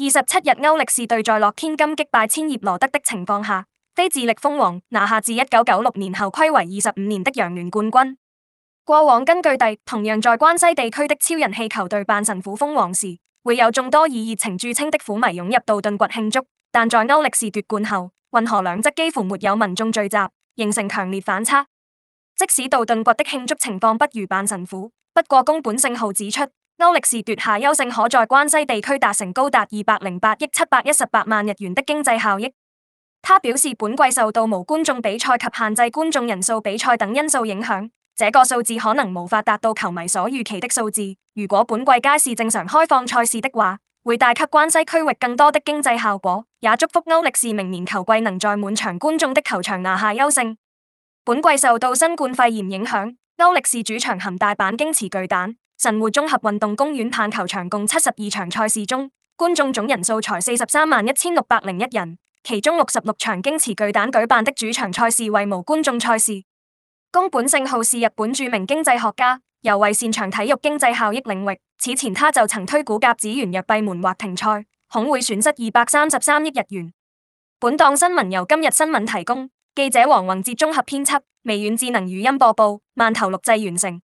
二十七日，歐力士隊在洛天金擊敗千葉羅德的情況下，非自力封王拿下自一九九六年後暌違二十五年的洋聯冠軍。過往根據地同樣在關西地區的超人氣球隊阪神虎封王時，會有眾多以熱情著稱的虎迷湧入道頓崛慶祝，但在歐力士奪冠後，運河兩側幾乎沒有民眾聚集，形成強烈反差。即使道頓崛的慶祝情況不如阪神虎，不過宮本勝浩指出。歐力士奪下優勝，可在關西地區達成高達二百零八億七百一十八萬日元的經濟效益。他表示，本季受到無觀眾比賽及限制觀眾人數比賽等因素影響，這個數字可能無法達到球迷所預期的數字。如果本季皆是正常開放賽事的話，會帶給關西區域更多的經濟效果。也祝福歐力士明年球季能在滿場觀眾的球場拿下優勝。本季受到新冠肺炎影響。歐力士主場含大阪京瓷巨蛋、神戶綜合運動公園棒球場共七十二場賽事中，觀眾總人數才四十三萬一千六百零一人，其中六十六場京瓷巨蛋舉辦的主場賽事為無觀眾賽事。宮本勝浩是日本著名經濟學家，尤為擅長體育經濟效益領域。此前他就曾推估甲子園若閉門或停賽，恐會損失二百三十三億日元。本檔新聞由今日新聞提供，記者黃宏哲綜合編輯。微軟智能語音播報，萬頭錄製完成。